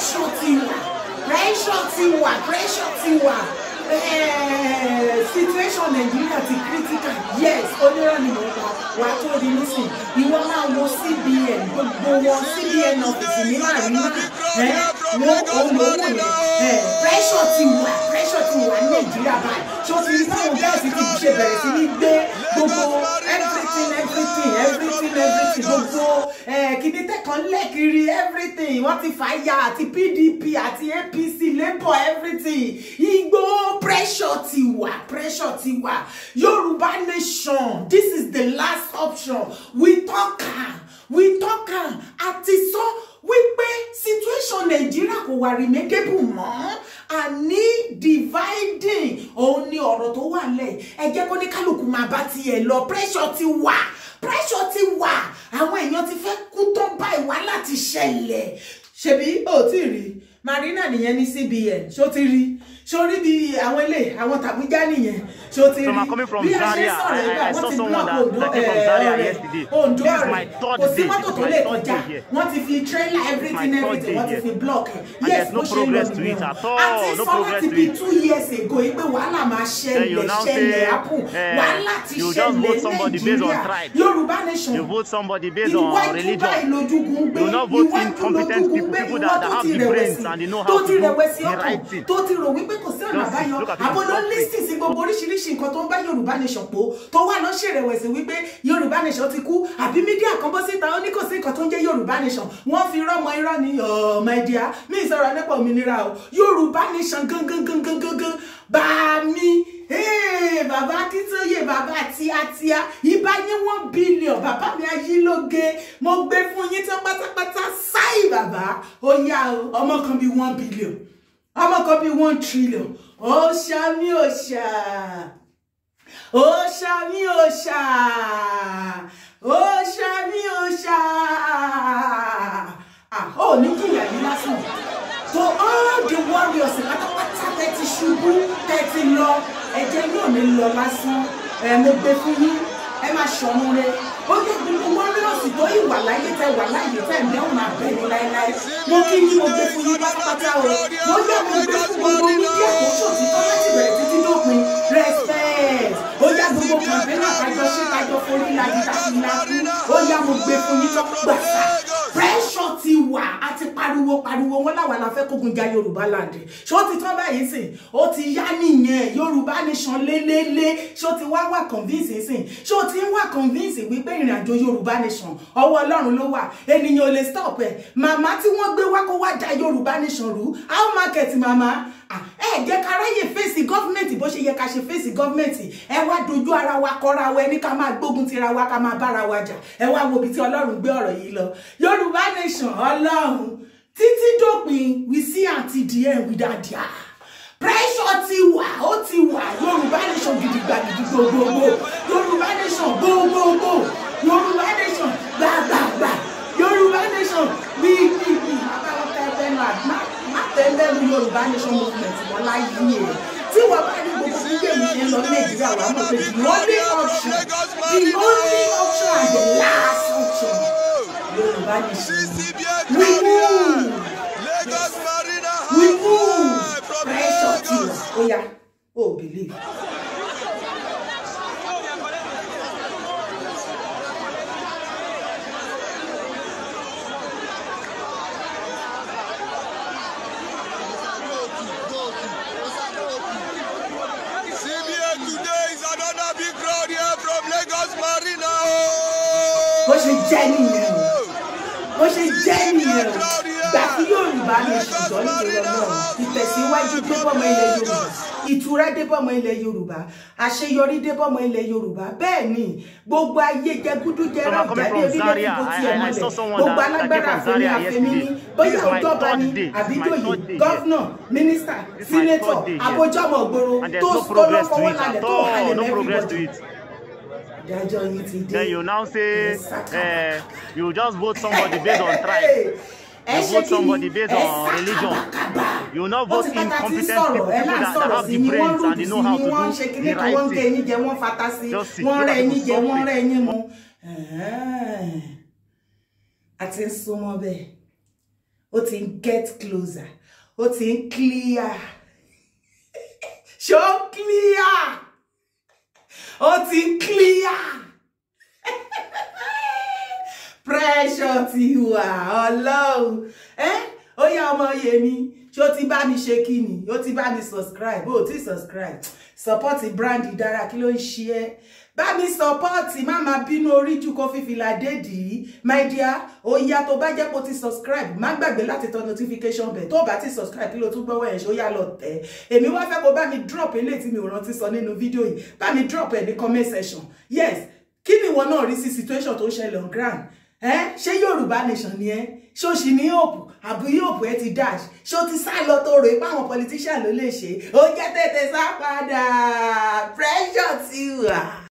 pressure ti wà pressure ti wà pressure ti Eh, situation nàìjíríà ti critical yes onírànì mò ń pa wà á tó di nísìn ìwọ máa wo cbn gbogbo wọn cbn ọ̀fíìsì ní màríwá wọn olówó yẹn pressure ti wà pressure ti wà ní nàìjíríà báyìí tí ó ti ní sáwọn gáàsì ti ṣe bẹ̀rẹ̀ sí ní gbé gbogbo everything everything everything everything gbogbo eh, kìíní tẹ̀kan lẹ́kiri everything wọ́n ti fà á ya àti pdp àti apc labour everything igbó pressure ti wa, pressure ti wa. yorùbá nation this is the last option we talk am we talk am àti sọ wípé situation nàìjíríà ko wà rìmẹ́kẹ́bù mọ́ àní dividing òun ni ọ̀rọ̀ tó wà lẹ̀ ẹ jẹ́ kó ní kálukú máa bá tiẹ̀ lọ pressure ti wa, pressure ti wa. àwọn èèyàn ti fẹ́ kú tán báyìí wá láti ṣẹlẹ̀ ṣebí ó ti rí i marina nìyẹn ní cbn ṣó ti rí ṣó rí bí àwọn ilé àwọn tàbújá nìyẹn ṣó ti rí bí a ṣe sọ̀rọ̀ ẹgbà wọ́n ti block ondo eh, ondo ọ̀rẹ́ kò sí mọ́tò tó lè kọjá wọ́n ti fi trailer everything everything wọ́n ti fi block yes ó ṣe lọ nìyẹn àti sọ láti bí two years ago yìí pé wàhálà máa ṣẹlẹ̀ ṣẹlẹ̀ apple eh, wàhálà ti ṣẹlẹ̀ nàìjíríà yorùbá nation ìwájú báyìí lójúkú gbé iwájú lójúkú gbé iwájú ti rẹwẹsì To tó ti rẹ̀wẹ̀sì ọkàn tó ti rò wípé kò sí ọ̀nà àbáyọ àbọ̀ ló ń lísì sí gbogbo oríṣiríṣi nǹkan tó ń bá Yorùbá nation pọ̀ tó wà lọ́ ṣèrẹ̀wẹ̀sì wípé Yorùbá nation ti kú àbí mídíà kan bọ́ síta ó ní kò sí nǹkan tó ń jẹ́ Yorùbá nation wọ́n fi rọ́mọ irọ́ ni ọ̀ọ́ my dear mi ìsọ̀rọ̀ nípa òmìnira o Yorùbá nation gangan gangan gangan báà bàbá ni ìbá yín wọ́n bílíọ̀n bàbá mi ayé lóge mo gbé fún yín tán pátápátá sáì bàbá ó yá ọmọ kan bí wọ́n bílíọ̀n ọmọ kan bí wọ́n tírílíọ̀n ó ṣàmì ó ṣà ó ṣàmì ó ṣà ó ṣàmì ó ṣà ó ní kúnyà yín lásán to all the warriors pátápátá tẹ ti ṣubú tẹ ti lọ ẹ̀jẹ̀ yóò ní lọ lásán mo gbé fún yín ẹ máa ṣọ̀nù rẹ ó jẹ́ gbogbo lọ́sì tó ìwà láyé tẹ wà láyé tẹ ní ọ̀nà àbẹ̀rẹ̀ láéláé mo kí yín mo gbé fún yín pátápátá o mo yẹ mo fún gbogbo pariwo pariwo wọn làwọn la kógun ja yorùbá land ṣé ó ti tán báyìí sìn ó ti yá nìyẹn yorùbá nation lélélé ṣé ó ti wá wà convince sìn ṣé ó ti ń wà convince wípé ìrìn àjò yorùbá nation ọwọ́ ọlọ́run ló wà ènìyàn ò lè stop ẹ̀ màmá tí wọ́n gbé wá kó wá ja yorùbá nation rú how market màmá ẹ jẹ́ ká ráyè fèsì gọ́fìmẹ̀ntì bó ṣe yẹ ká ṣe fèsì gọ́fìmẹ̀ntì ẹ wá dojú ara wa kọra wa ẹni ká máa gbógun tira wa ká máa bára wa jà ẹ wá wo ibi tí ọlọ́run gbé ọ̀rọ̀ yìí lọ yorùbá nation ọlọ́run títí dópin we see am till the end with that dia pressure ti wà ó ti wà yorùbá nation gidigba gidi gbogbogbò yorùbá nation gbogbogbò yorùbá nation gbàgbàgbà yorùbá nation bí bí bí abáwọ́tẹ́ fẹ́ràn àgbà má tẹ́lẹ̀mú yorùbá nation movement wọn láyé ẹ̀ tí wọ́n bá ní gbogbo gbígbèmí ṣe ń lọ nàìjíríà wà á mọ̀ pé the only option the only option and the last option yorùbá nation. oh yeah, oh believe Marina. Oh, je niyen o bó ṣe jẹ́ nìyẹn gbà kí Yorùbá lè ṣùgbọ́n nítorí Ọlọ́run ìtẹ̀síwájú dé bọ́mọ ilẹ̀ Yorùbá ìtura dé bọ́mọ ilẹ̀ Yorùbá àṣeyọrí dé bọ́mọ ilẹ̀ Yorùbá bẹ́ẹ̀ ni gbogbo ayé jẹgúdú jẹrọ ìjàdí orílẹ̀ èdè ti ẹ̀ mọ́lẹ̀ gbogbo alágbára àfẹ́mi àfẹ́mi ní bóyá ọjọ́ba ni àbídòyè gọ́fúnà mínísítà sínétọ̀ àbójọ́mọ̀ ògbóró tó lọ́fọwọ́ kalẹ̀ tó halẹ̀ mẹ́rin then you now say uh, you just vote somebody based on tribe you vote somebody based on religion you not vote incompetent people people that, that have the brains and the know how to do the right thing just see look at the people something. a ti ń súnmọ́ bẹ́ẹ̀ ó ti ń get closer ó ti ń clear ṣó clear ó ti clear pressure ti wà ọlọ́run ó yá ọmọ yèmí ṣé o ti bá mi ṣe kí ni o ti bá mi subscribe o ti subscribe support brand dára kí ló ń ṣe ẹ́ bá mi support má máa bínú orí jù kó fífi làdédì my dear ó yá tó bá jẹ́ kó ti subscribe má gbàgbé láti tọ notification bell tó bá ti subscribe kí ló tún gbọ́wọ́ ẹ̀ ṣó yá lọ tẹ̀ èmi wá fẹ́ kó bá mi drop eléyìí tí mi ò rántí sọ nínú fídíò yìí bá mi drop ẹ̀ ní comment section yes kí ni ìwọ náà rí sí situation tó ń ṣẹlẹ̀ on ground ẹ ṣé yorùbá nation ni ẹ ṣé o ṣì ní hope àbí hope ẹ ti dash ṣé ti sá lọ tó rò ipá politician ló lè ṣe ó jẹ́ tètè sá padà pressure ti wà.